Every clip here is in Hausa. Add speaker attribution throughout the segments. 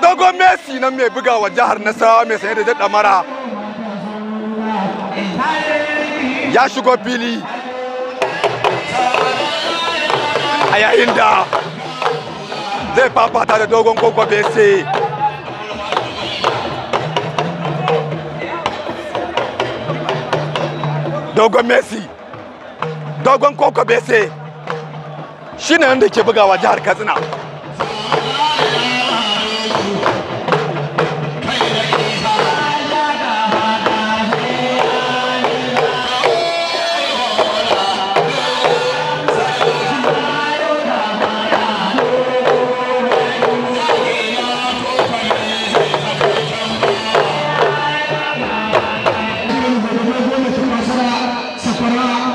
Speaker 1: ga dogon messi nan mai buga wa jihar nasarawa mai sanye da damara ya shigo fili a yayin da zai fafata da dogon koko bese dogon messi dogon koko bese shi ne da ke bugawa jihar katsina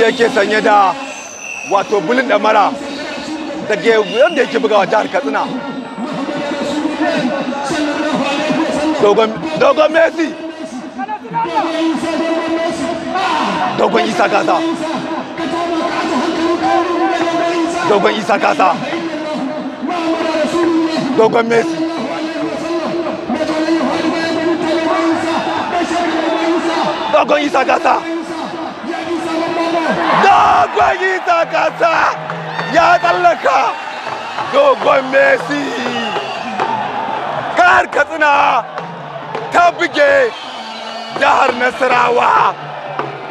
Speaker 1: shi yake sanye da wato bulin damara da ke wanda yake bugawa jihar katsina dogon messi dogon isa kasa dogon isa kasa dogon messi dogon isa kasa Bagita kasa ya tsallaka dogon Messi. Kar Katsina ta buge jihar Nasarawa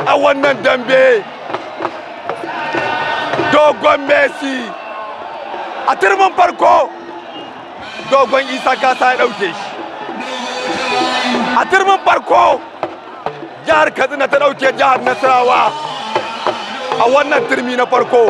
Speaker 1: a wannan dambe. Dogon Messi a turmin farko dogon Isa kasa ya ɗauke shi. A turmin farko jihar Katsina ta ɗauke jihar Nasarawa. a wannan turmi na farko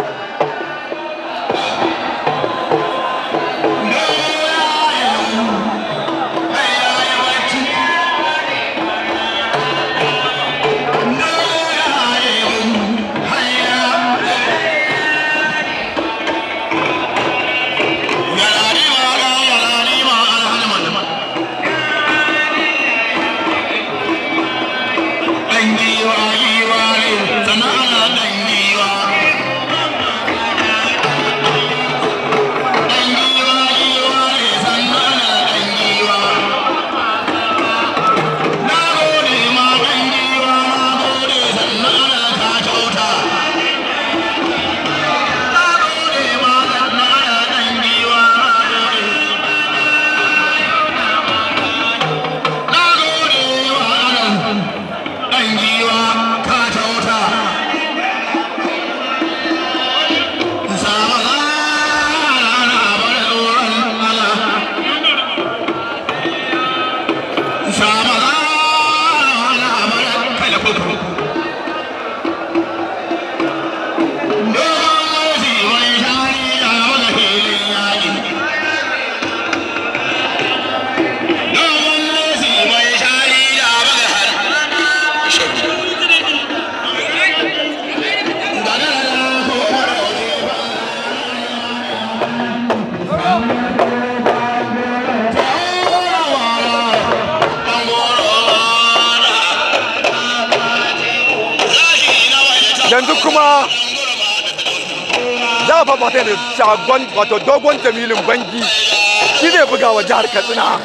Speaker 1: Mustafa Fatel shagon wato dogon jamilin bangi shi ne bugawa jihar Katsina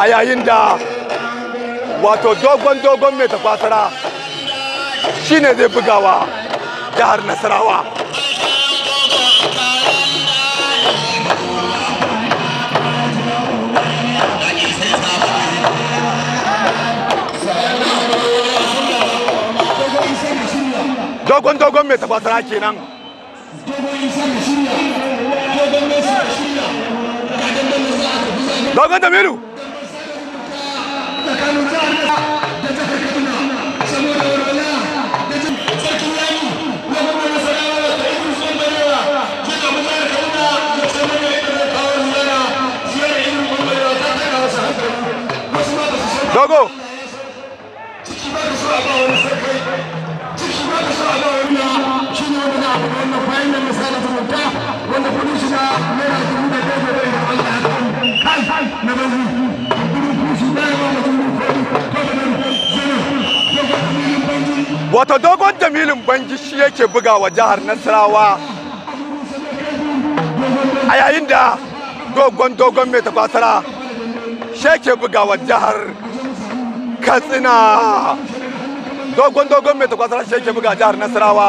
Speaker 1: a yayin da wato dogon dogon mai tafasara shi ne zai bugawa jihar Nasarawa. dogon dogon mai tafasara kenan. dogon damiru dogo wato dogon jamilin bangi shi yake buga wa jihar nasarawa a yayin da dogon dogon mai tafasara shi yake buga wa jihar katsina dogon dogon mai tafasara shi yake buga jihar nasarawa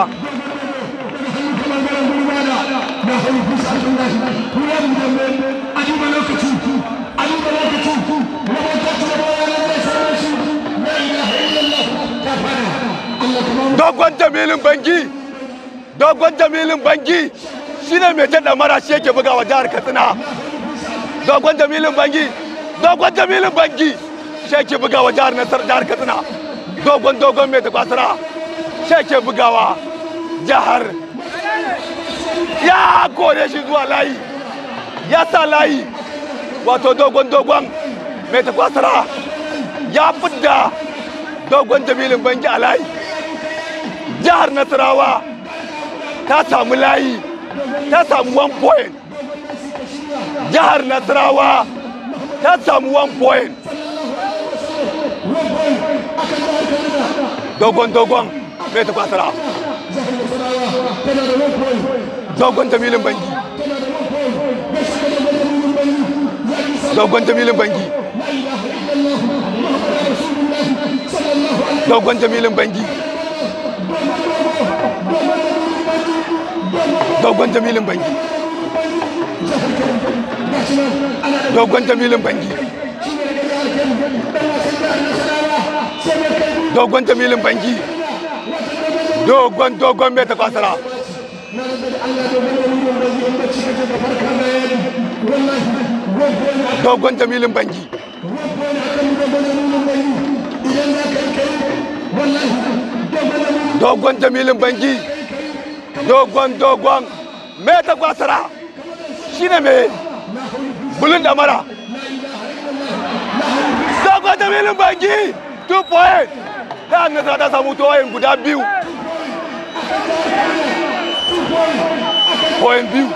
Speaker 1: dogon jamilin banki dogon jamilin banki shine mai ta mara shi yake bugawa jihar katsina dogon jamilin banki dogon jamilin banki shi yake bugawa jihar nasar jihar katsina dogon dogon mai tabasara shi yake bugawa jihar ya kore shi zuwa layi ya sa layi wato dogon dogon mai tabasara ya fidda dogon jamilin banki a layi jihar nasarawa ta samu layi ta samu one point jihar nasarawa ta samu one point dogon dogon mai ta kwasara dogon ta milin bangi dogon ta milin bangi dogon ta milin bangi dogon jamilin bangi dogon jamilin bangi dogon jamilin bangi dogon dogon mai takwasara dogon jamilin bangi dogon jamilin bangi dogon dogon mai ta kwasara shine me bulun da mara sakwa da milin banki 2 point da an nasara ta samu tawayin guda biyu point biyu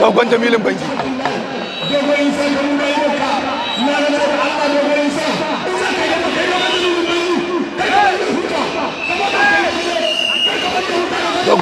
Speaker 1: dogon jamilin banki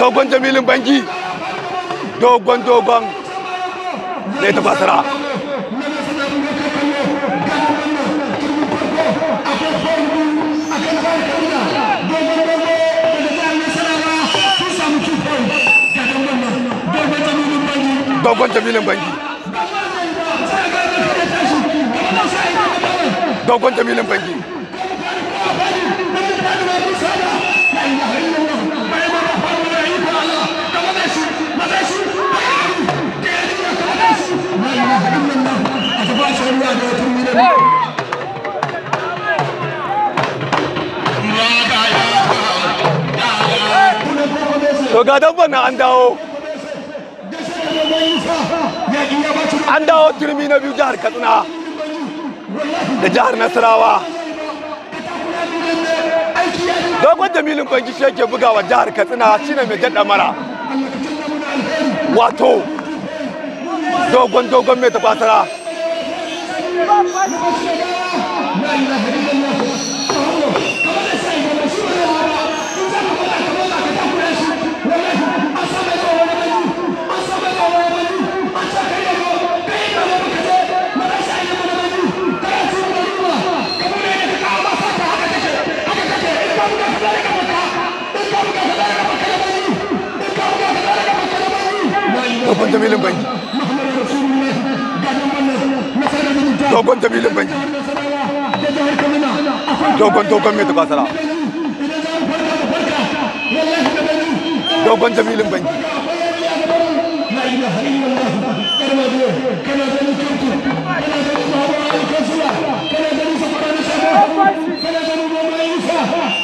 Speaker 1: dogon jamilin bangi dogon dogon zai tafa sara dogon jamilin bangi dogon jamilin bangi to ga dabban nan an dawo an dawo turmi na biyu jihar katsina da jihar nasarawa dogon jamilin bangi shi yake bugawa jihar katsina shine mai jaɗa mara wato dogon dogon mai tafasara dogon jamilin banki dogon jamilin banki dogon dogon mai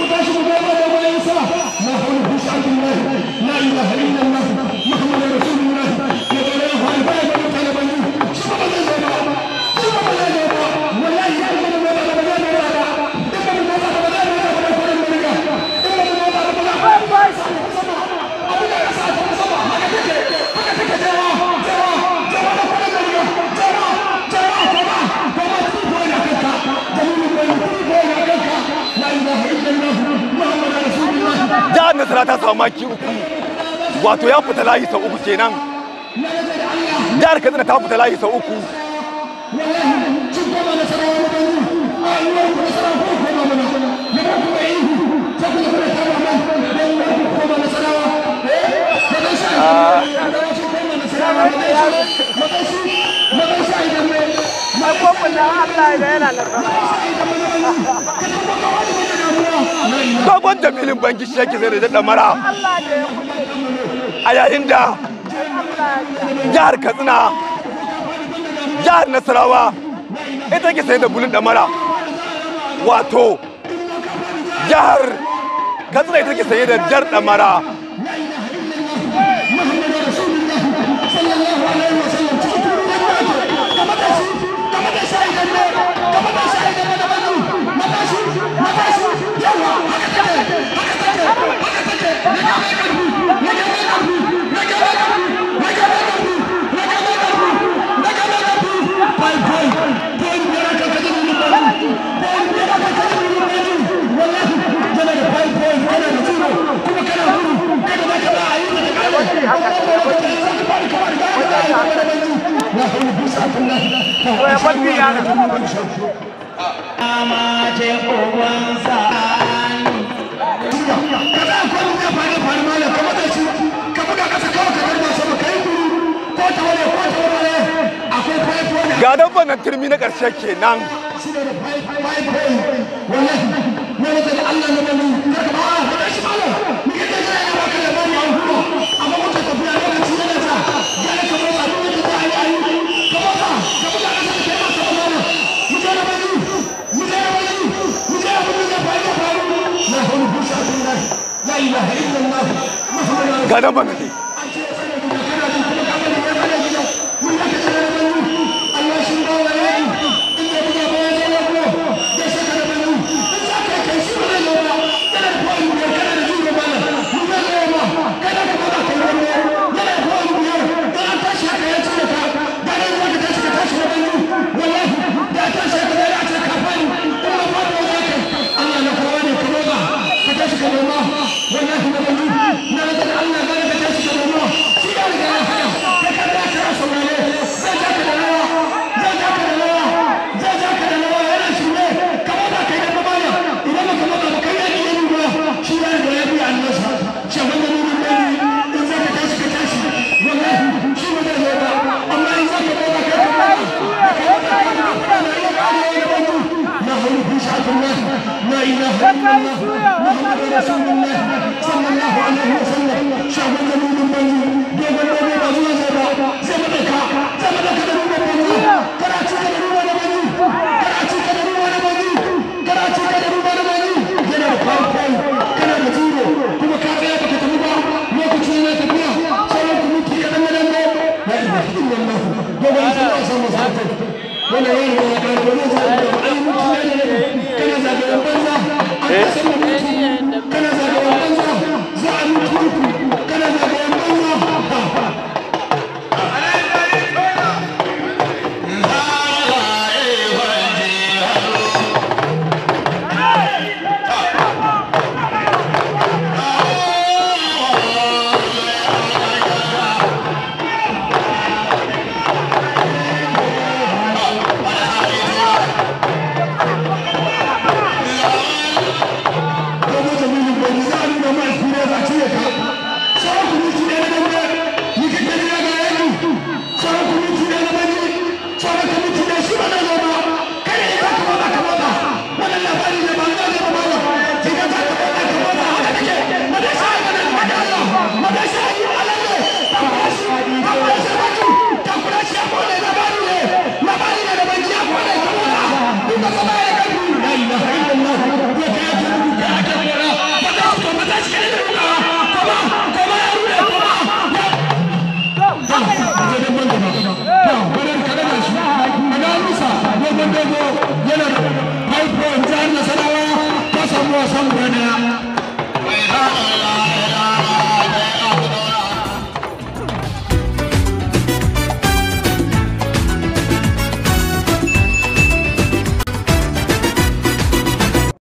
Speaker 1: ku tashi mu gaba da bayansa la hawla wa la quwwata illa billah la ilaha illallah kansila ta samu maki uku wato ya fita layi sau uku kenan jihar kaduna ta fita layi sau uku ah. Allah ya yana tsohon jamilin banki yake zai da damara a yayin da jihar katsina jihar nasarawa ita ke sai da bulin damara wato jihar katsina ita ke saye da jar damara mafi yana da ka buga kasa kawai ka bar masa kai kuru ko ta wale ta ga dabban nan turmi na karshe kenan shi ne da five five wallahi da Allah ne ga nan ba الله محمد رسول الله صلى الله عليه وسلم شعب جميل بني جيب النبي رسول الله زمنك زمنك جميل بني كراتي جميل بني كراتي جميل بني كراتي جميل بني جنا فاي فاي كنا نجيبه كم كافي أبغى تبغى ما كتير تبغى سلام كم كتير كنا نبغى لا إله إلا الله جوا الله سما سما ولا يلا ولا كنا نقول كنا زعلان بنا
Speaker 2: Prazer.